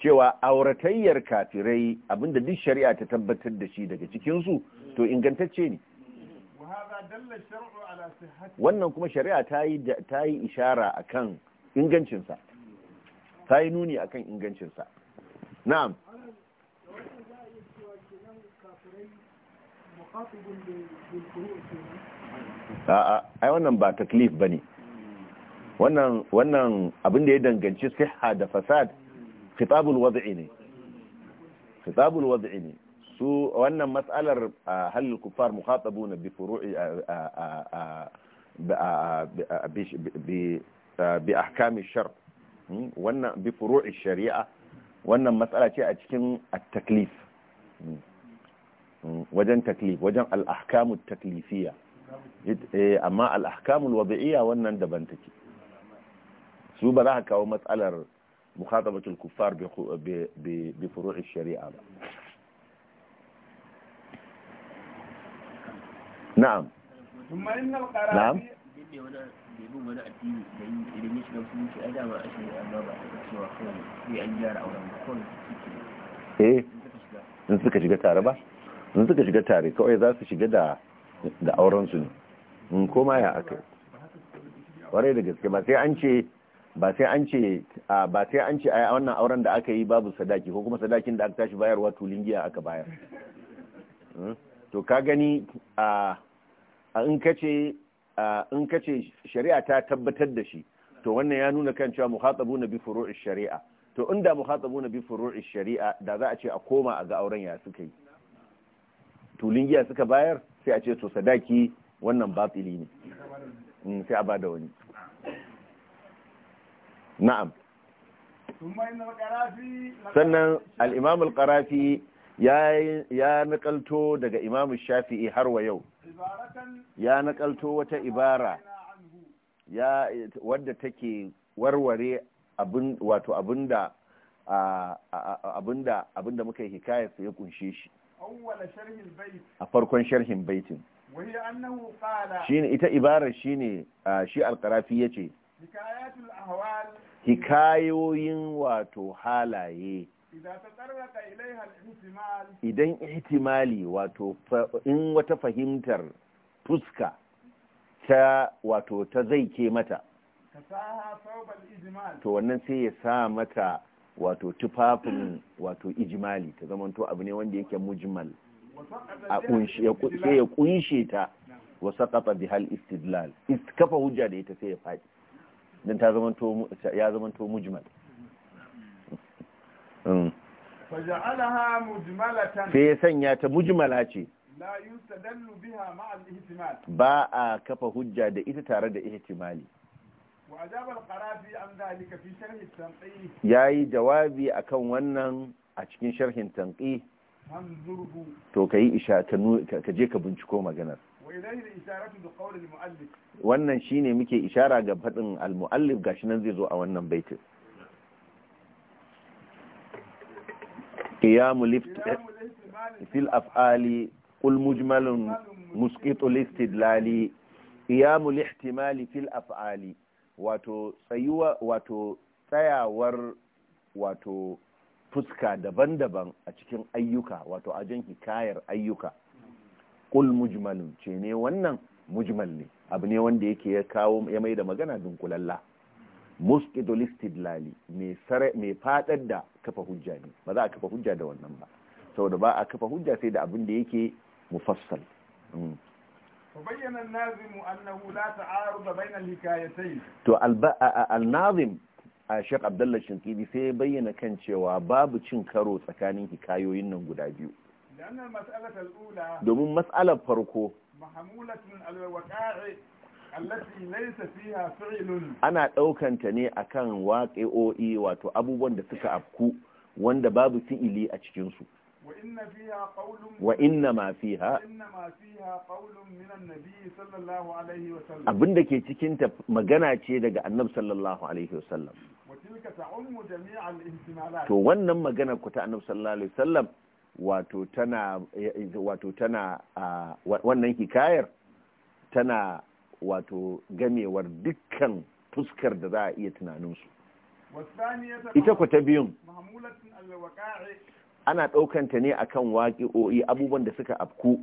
cewa auratayyar kafirai abinda duk shari'a ta tabbatar da shi daga cikinsu to ingantacce ne wannan kuma shari'a ta yi ishara akan ingancinsa ta yi nuni akan ingancinsa na'am ai wannan ba taklif ba ne wannan abinda ya danganci sihha da fasad fitabul wazi ne fitabul wazi ne su wannan mas'alar hal kuffar na bi furu'i bi bi ahkami shar hmm? wannan bi furu'i shari'a wannan matsala ce a cikin at-taklif hmm. wajen taklif wajen al'ahkamu taklifiya eh, amma al'ahkamul wabi'iya wannan daban take su ba za a kawo matsalar mukhatabatul kuffar bi furu'i shari'a ba na'am na'am eh in suka shiga tare ba in suka shiga tare kawai za su shiga da da aurensu ne in koma ya aka kwarai da gaske ba sai an ce ba sai an ce ba sai an ce a wannan auren da aka yi babu sadaki ko kuma sadakin da aka tashi bayarwa tulingiya aka bayar hmm? to ka gani a in kace in kace shari'a ta tabbatar da shi to wannan ya nuna kan cewa na bi furu'i shari'a to inda na bi furu'i shari'a da za a ce a koma a ga auren ya suka yi tulun giya suka bayar sai a ce to sadaki wannan batili ne mm, sai a ba wani na'am sannan al'imam al-qarafi ya nakalto daga imam shafi'i har wa yau ya nakalto wata ibara ya wadda take warware wato abinda abinda muka yi hikayar ya kunshe shi a farkon sharhin baitin shine ita ibarar shine shi alkarafi ya ce hikayoyin wato halaye idan ihtimali wato in wata fahimtar fuska ta wato ta zai ke mata to wannan sai ya sa mata wato tufafin wato ijimali ta to abu ne wanda yake mujmal sai ya kunshe ta wa saqata hal istidlal kafa hujja da ita sai ya faɗi dan ta to ya to mujmal mm. sai ya sanya ta mujmala ce ba a kafa hujja da ita tare da ihtimali ya yi jawabi akan wannan a cikin sharhin tanƙi to ka yi isha ka je ka binciko maganar wannan shi ne muke ishara ga faɗin al-mu'allif gashi nan zai zo a wannan baitin قيام في الأفعال muskito مجمل Lali, الاستدلال قيام الاحتمال fil af'ali wato tsayuwa wato tsayawar wato fuska daban-daban a cikin ayyuka wato a jan hikayar ayyuka kul mujmalun ce ne wannan mujmal ne abu ne wanda yake ya kawo ya mai da magana dunkulalla muskidolistid lali mai sare mai fadar da kafa hujja ne ba za a kafa hujja da wannan ba saboda ba a kafa hujja sai da abin da yake mufassal hmm. To al-nazim لا Sheikh Abdullah Shinkidi sai ya bayyana kan cewa babu cin karo tsakanin hikayoyin nan guda biyu. Domin matsalar farko, ana ɗaukanta ne a kan waƙe'o'i wato abubuwan da suka afku wanda babu fi'ili a cikinsu. wa inna ma fiha abinda ke cikinta magana ce daga annab sallallahu alaihi wasallam to wannan magana ku ta annab sallallahu alaihi wasallam wato tana wato tana wannan hikayar tana wato gamewar dukkan fuskar da za a iya tunaninsu ita ku ta biyun ana ɗaukanta ne akan waƙi'o'i abubuwan da suka afku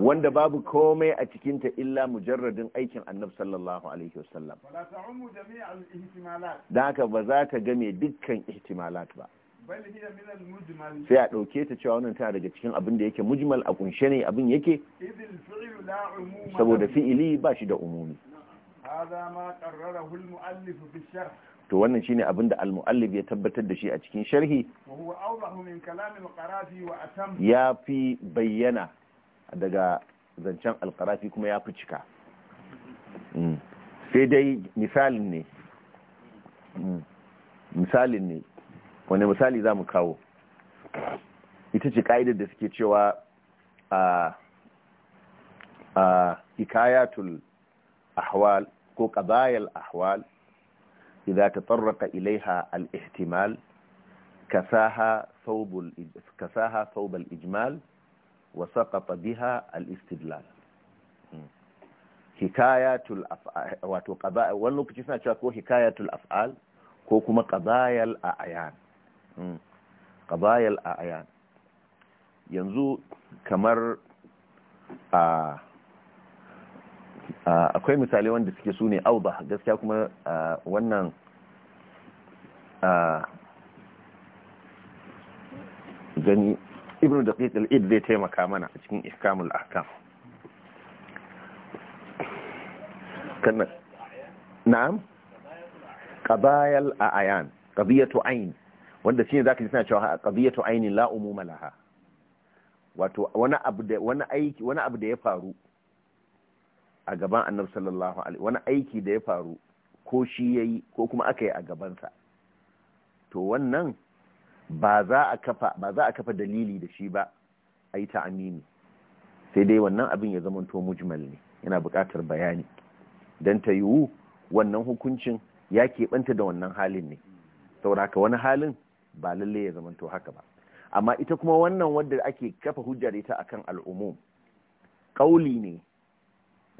wanda babu komai a cikinta illa mujarradin aikin annab sallallahu alaihi wasallam da haka ba za ta game dukkan ihtimalat ba sai a ɗauke ta cewa wannan tana daga cikin abin da yake mujmal a kunshe ne abin yake saboda fi'ili ba shi da umumi to wannan shine abin da al-muallif ya tabbatar da shi a cikin sharhi ya fi bayyana daga zancen al-qarafi kuma ya fi cika mm. sai dai misalin ne mm. misalin ne wani misali za mu kawo ita ce ka'idar da suke cewa a a hikayatul ahwal ko ƙabayal ahwal إذا تطرق إليها الاحتمال كساها ثوب كساها ثوب الإجمال وسقط بها الاستدلال حكاية الأفعال وتقباء ولو كتشفنا شاكو الأفعال كوكما قضايا الأعيان قضايا الأعيان ينزو كمر آه akwai misali wanda suke su ne auba gaskiya kuma wannan gani ibn da al-id zai taimaka mana a cikin ihkamul akam kanna na'am qabayal a'yan qabiyatu ayn wanda shine zaka ji suna cewa qabiyatu ayn la umuma laha wato wani abu da wani aiki wani abu da ya faru a gaban annabi sallallahu alaihi wani aiki da ya faru ko shi yayi ko kuma aka yi a gabansa to wannan ba za a kafa dalili da shi ba a yi sai dai wannan abin ya zamanto mujmal ne yana buƙatar bayani don ta yiwu wannan hukuncin ya keɓanta da wannan halin ne sauraka wani halin ba lalle ya zamanto haka ba amma ita kuma wannan wanda ake kafa hujjar ita akan al'umum ƙauli ne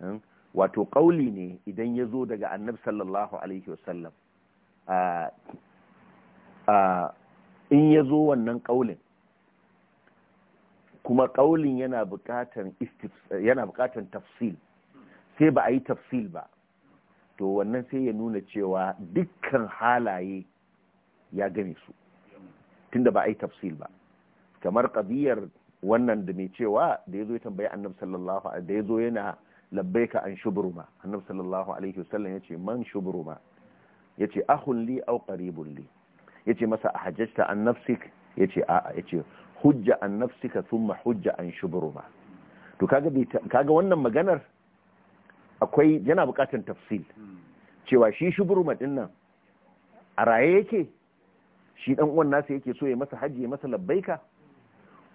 Hmm? wato ƙauli ne idan ya zo daga annab sallallahu alaihi wasallam ah, ah, in ya zo wannan ƙaulin kuma ƙaulin yana buƙatar tafsil sai ba a yi tafsil ba to wannan sai ya nuna cewa dukkan halaye ya gane su tunda ba a yi tafsil ba kamar ƙabiyar wannan da mai cewa da ya zo ya tambayi annab sallallahu da ya zo yana labbaika an shubruma annabi sallallahu alaihi wasallam yace man shubruma yace ahun li aw qaribun li yace masa ahajjata an nafsik yace a'a yace hujja an nafsika thumma hujja an shubruma to kaga kaga wannan maganar akwai yana bukatun tafsil cewa shi shubruma din nan a raye yake shi dan uwan nasa yake so ya masa haji ya masa labbaika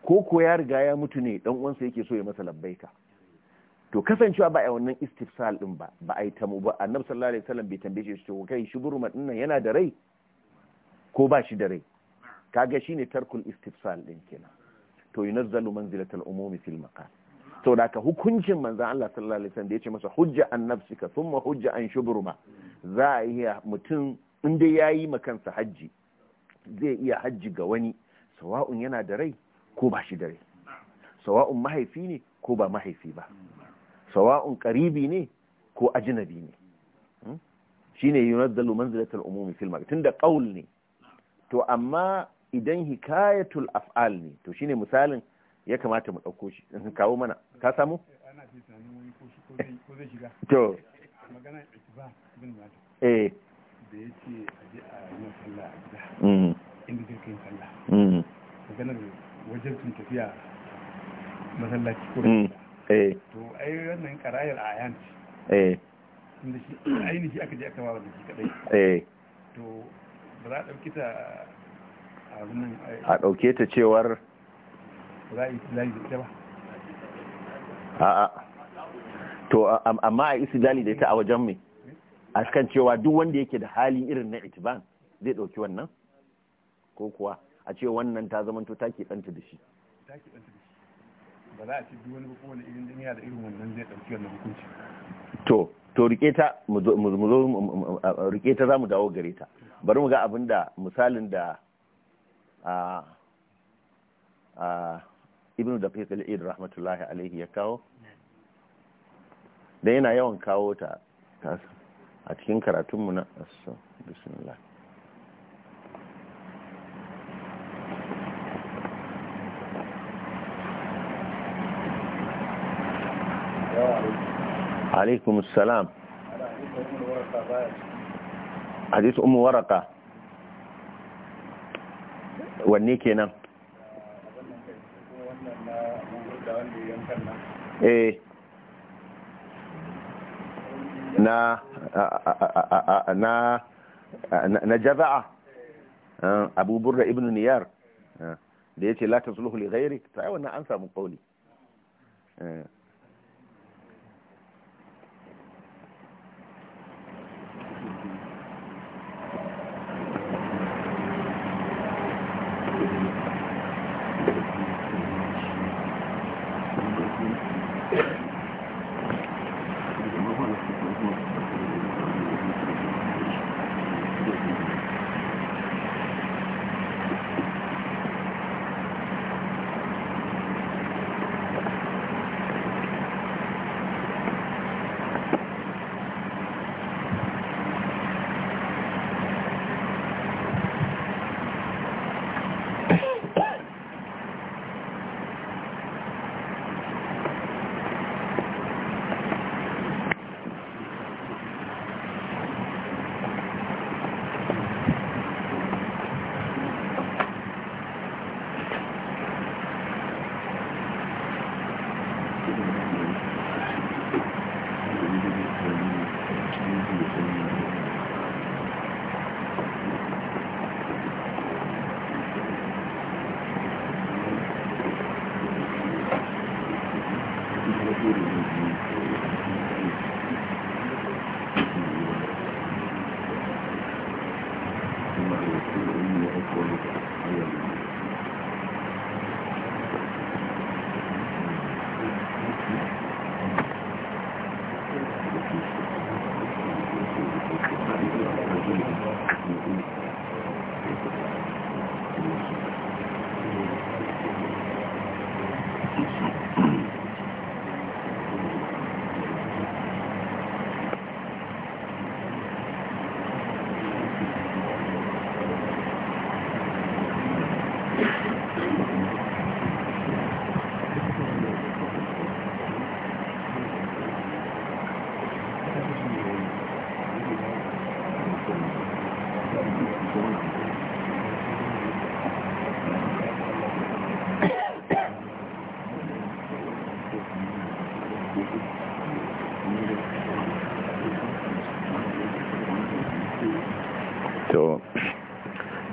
ko ko ya riga ya mutu ne dan uwansa yake so ya masa labbaika to kasancewa ba a wannan istifsal din ba ba a yi tamu ba annabi sallallahu alaihi wasallam bai tambaye shi to kai shuburu madinnan yana da rai ko ba shi da rai kaga shine tarkul istifsal din kenan to yunazzalu manzilatal umumi fil maqam to da ka hukuncin manzon Allah sallallahu alaihi wasallam da yace masa hujja an nafsika thumma hujja an shubruma za a iya mutum in dai yayi makansa haji zai iya haji ga wani sawa'un yana da rai ko ba shi da rai sawa'un mahaifi ne ko ba mahaifi ba sawa'un qaribi ne ko ajnabi ne hmm? shine yunazzalu manzilatul umumi fil maghrib tunda qaul ne to amma idan hikayatul af'al ne to shine misalin ya kamata mu dauko shi in *laughs* kawo mana ka samu *laughs* to magana eh. a mm. mm. maganar wajen tafiya masallaci mm. Eh. to ai wannan karayar a eh. dauki eh. ta a dauke ta cewar to amma a istidlali da ita a wajen mai a kan cewa duk wanda yake da hali irin na itiban zai dauki wannan ko kuwa a ce wannan ta zamanto ta ke danta da shi ba za a ci duk wani irin duniya da irin wannan zai ɗauki wannan hukunci to to rike ta mu zo rike ta za mu dawo gare ta bari mu ga abin da misalin da a a ibn da fi kalid rahmatullahi alaihi ya kawo da yana yawan kawo ta a cikin karatunmu na bismillah alaikum salam hadis umu waraka wanne kenan eh na na na jaza'a ah, abu burda ibn niyar ah, da yace ce la ta sulhu li ta ai wannan an samu kauli eh.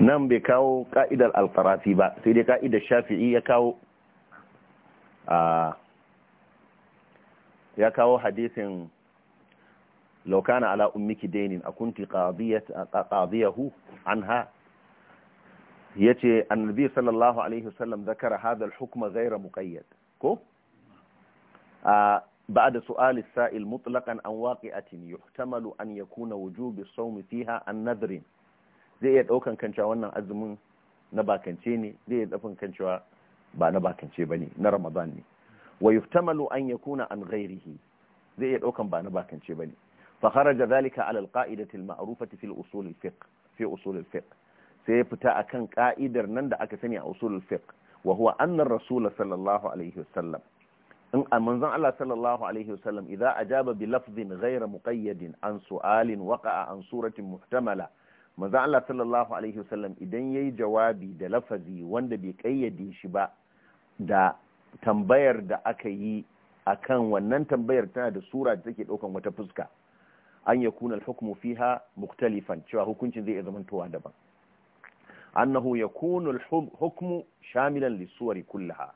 nan bai kawo ka'idar alfarafi ba sai dai ka'idar shafi'i ya kawo ya kawo hadisin laukana ala ummiki dainin a kunti qadiyahu anha yace annabi sallallahu alaihi wasallam zakara hadha al-hukma ghayra muqayyad ko بعد sa'il السائل an waƙi atin yuhtamalu an yakuna wujubi الصوم فيها an nadrin. zai iya ɗaukan kancewa wannan azumin na bakance ne zai iya ɗaukan kancewa ba na bakance ba ne na ramadan ne wa yuftamalu an yakuna an ghairihi zai iya ɗaukan ba na bakance ba ne fa kharaja zalika ala alqa'idati alma'rufati fil usul alfiqh fi usul alfiqh sai ya fita akan ka'idar nan da aka sani a usul alfiqh wa huwa anna ar-rasul sallallahu alaihi wasallam in manzon Allah sallallahu alaihi wasallam idza ajaba bi lafdhin ghayra muqayyadin an su'alin waqa'a an suratin muhtamala manzon Allah sallallahu alaihi wasallam idan yayi jawabi da lafazi wanda bai kayyade shi ba da tambayar da aka yi akan wannan tambayar tana da sura da take daukan wata fuska an yakuna al-hukmu fiha mukhtalifan cewa hukuncin zai zama towa daban annahu yakunu al-hukmu shamilan lis-suwari kullaha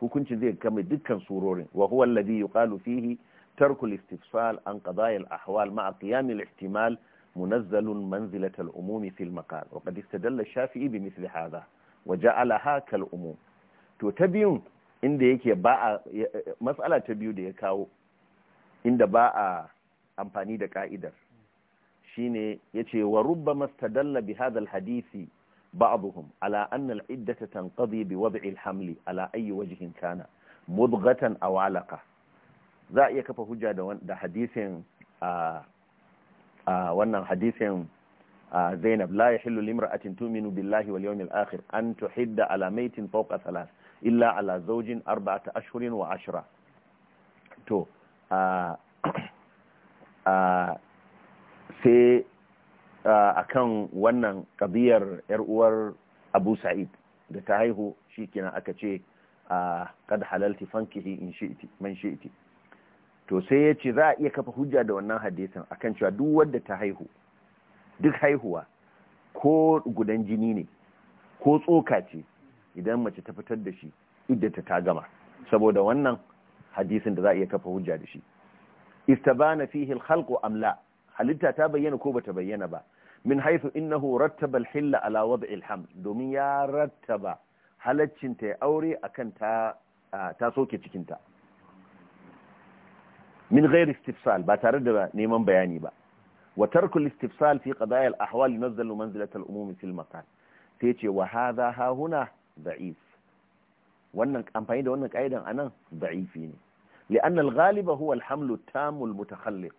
hukuncin zai kama dukkan surorin wa huwa alladhi yuqalu fihi tarku al-istifsal an qada'i al-ahwal ma'a qiyam al-ihtimal منزل منزلة الأموم في المقال وقد استدل الشافعي بمثل هذا وجعلها كالأموم to ta biyun inda yake ba a matsala ta biyu da ya kawo inda ba a amfani da ka'idar shine yace wa rubbama istadalla bi hadha alhadisi ba'dhum ala anna al'iddata tanqadi bi wad'i alhamli ala ayi wajhin kana mudghatan aw alaqa za iya kafa hujja da da hadisin ah, a wannan hadisin Zainab la ya yahillu limra'atin tu'minu billahi wal yawmil akhir an tuhidda ala maitin fawqa salas illa ala zawjin arba'ata ashhurin wa ashra to a sai akan wannan kabiyar yar uwar Abu Sa'id da ta haihu shikenan aka ce kad halalti fankihi in shi'ti man shi'ti to sai ya ce za a iya kafa hujja da wannan hadisin akan cewa duk wadda ta haihu duk haihuwa ko gudan jini ne ko tsoka ce idan mace ta fitar da shi iddata ta gama saboda wannan hadisin da za a iya kafa hujja da shi istabana fihi na fi am la halitta ta bayyana ko bata bayyana ba min haythu innahu rattaba al-hilla ala wad'i domin ya rattaba halaccin ta aure akan ta ta soke cikin min ghairi istifsal ba tare da neman bayani ba wa istifsal fi qada'i al ahwal yunazzalu manzilat al umum fi al sai ce wa hadha ha huna da'if wannan amfani da wannan kaidan anan da'ifi ne li'an al ghaliba huwa al hamlu tam al mutakhalliq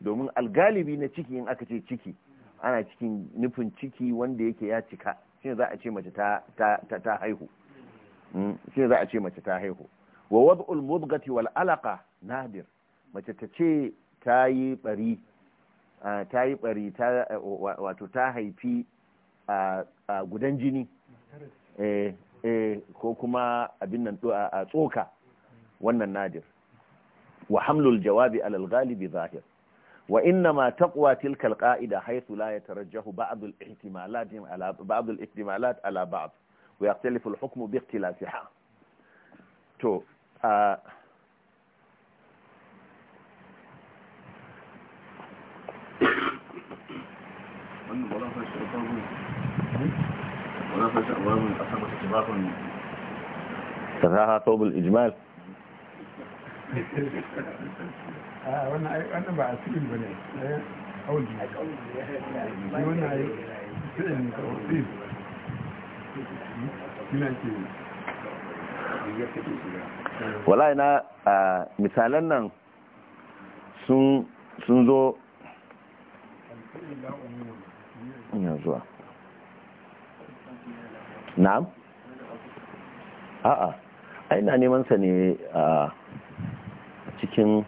domin al galibi na ciki in aka ce ciki ana cikin nufin ciki wanda yake ya cika shine za a ce mace ta ta ta haihu hmm, shine za a ce mace ta haihu wa wad'ul mudghati wal alaqa nadir mace ta ce ta yi bari ta yi bari wato ta haifi gudan jini eh, eh, ko kuma abin nan a tsoka wannan nadir wa hamlul jawabi alal ghalibi zahir wa inna ma taqwa tilka ƙa'ida haythu la yatarajjahu ba'd al-ihtimalat ala ba'd al-ihtimalat ala ba'd wa yaxtalifu al-hukmu bi ikhtilafiha to *laughs* آه طوب الإجمال أنا بعثين بني أول جميع wallahi na misalan nan sun zo na, zuwa na'am a'a a ina neman sa ne a cikin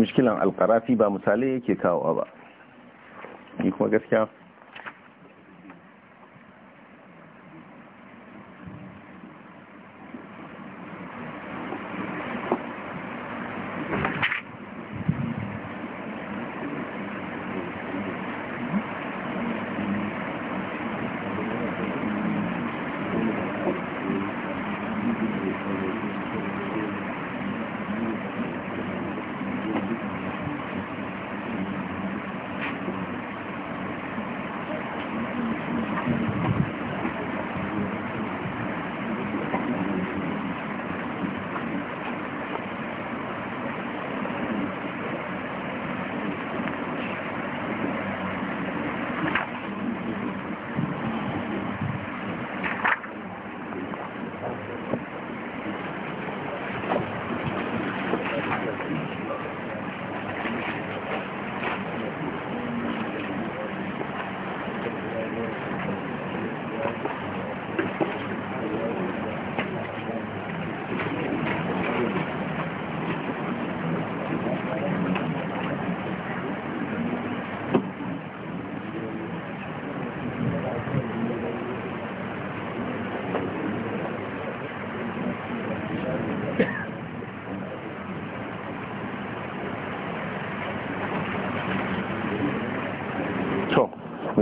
mushkilan alkarafi ba misalai yake kawo ba ni kuma gaskiya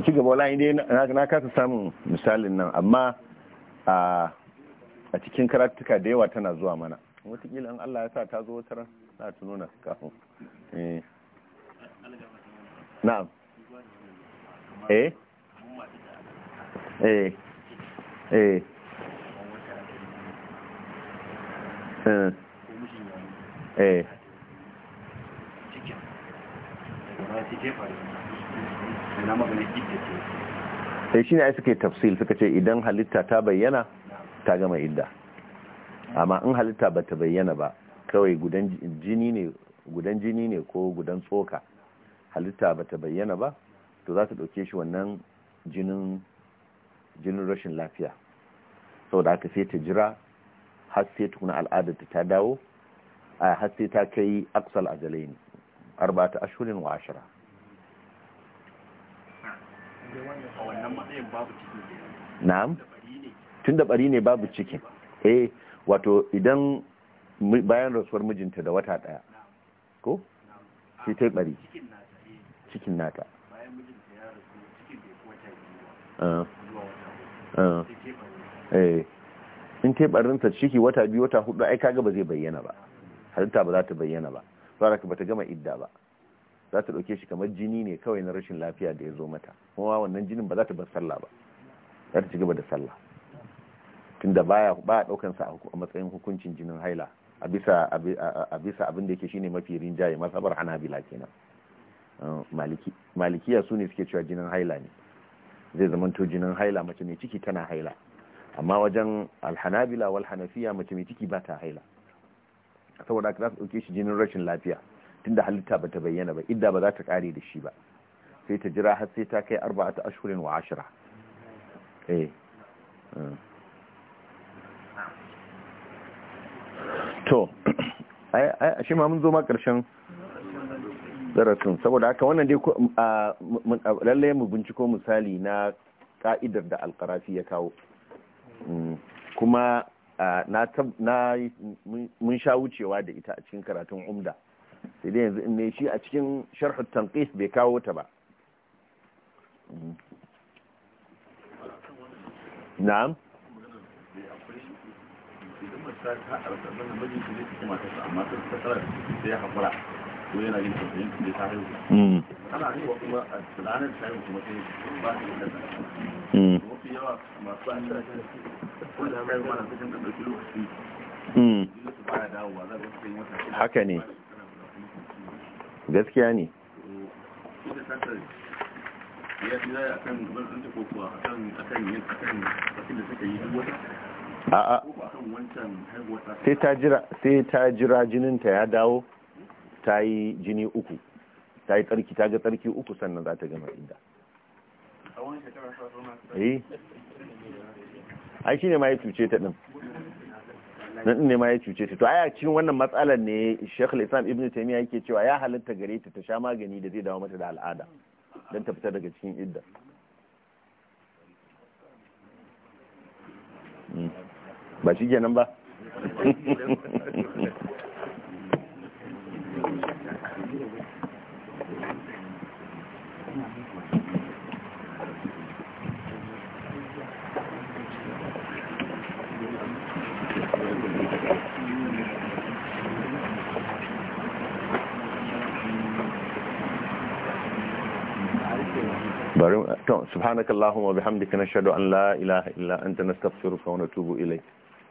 ci gaba wala dai na kasa samun misalin nan amma a cikin karatuka da yawa tana zuwa mana watakila in Allah ya sa ta zo wata ran na tuno na kafin eh. eh eh eh eh eh eh eh ina magana idda ne ai suka yi tafsil suka ce idan halitta ta bayyana ta gama idda amma in halitta ba ta bayyana ba kawai gudan jini ne ko gudan tsoka halitta ba ta bayyana ba to za ta ɗauke shi wannan jinin rashin lafiya saboda aka sai ta jira har sai tukuna al'adar ta ta dawo a har sai ta kai aksal arba ta ashirin wa ashira na'am tun da bari ne babu cikin eh wato idan bayan rasuwar mijinta da wata daya ko sai ta bari cikin nata ah. Ah. Eh. in teɓarinsa ciki wata biyu wata hudu ai kaga ba zai bayyana ba halitta ba za ta bayyana ba ka ba ta gama idda ba za ta ɗauke shi kamar jini ne kawai na rashin lafiya da ya zo mata kuma wannan jinin ba za ta bar sallah ba za ta ci gaba da sallah tunda baya ba a ɗaukan sa a matsayin hukuncin jinin haila a bisa abin da yake shine mafi rinjaye masabar hanabila kenan uh, maliki malikiya su ne suke cewa jinin haila ne zai to jinin haila mace mai ciki tana haila amma wajen alhanabila wal hanafiya mace mai ciki ba ta haila saboda ka za ta ɗauke shi jinin rashin lafiya tunda halitta ba ta bayyana ba idda ba za ta kare da shi ba sai ta jira har sai ta kai ta ashirin wa ashira eh hmm. to a *clears throat* shi ma mun zo ma karshen darasin saboda haka wannan dai lallai mu binciko misali na ka'idar da alkarafi ya kawo hmm. kuma na mun sha wucewa da ita a cikin karatun umda sai dai yanzu ne shi a cikin sharhu tanqis bai kawo ta ba na'am hmm. Hmm. Hmm. haka ne gaskiya ne a'a sai ta jira sai ta jira jininta ya dawo ta yi jini uku ta yi tsarki ta ga tsarki uku sannan za ta gama idda eh. a shi ne ma ya cuce ta din nan ne ma ya cuce ta to aya cikin wannan matsalar ne Sheikh Islam Ibn Taymiyyah yake cewa ya halatta gare ta ta sha magani da zai dawo mata da al'ada dan ta fita daga cikin idda hmm. ba shi kenan ba *laughs* bari to subhanakallahumma bihamdika nashhadu an la ilaha illa anta nastaghfiruka wa natubu ilayk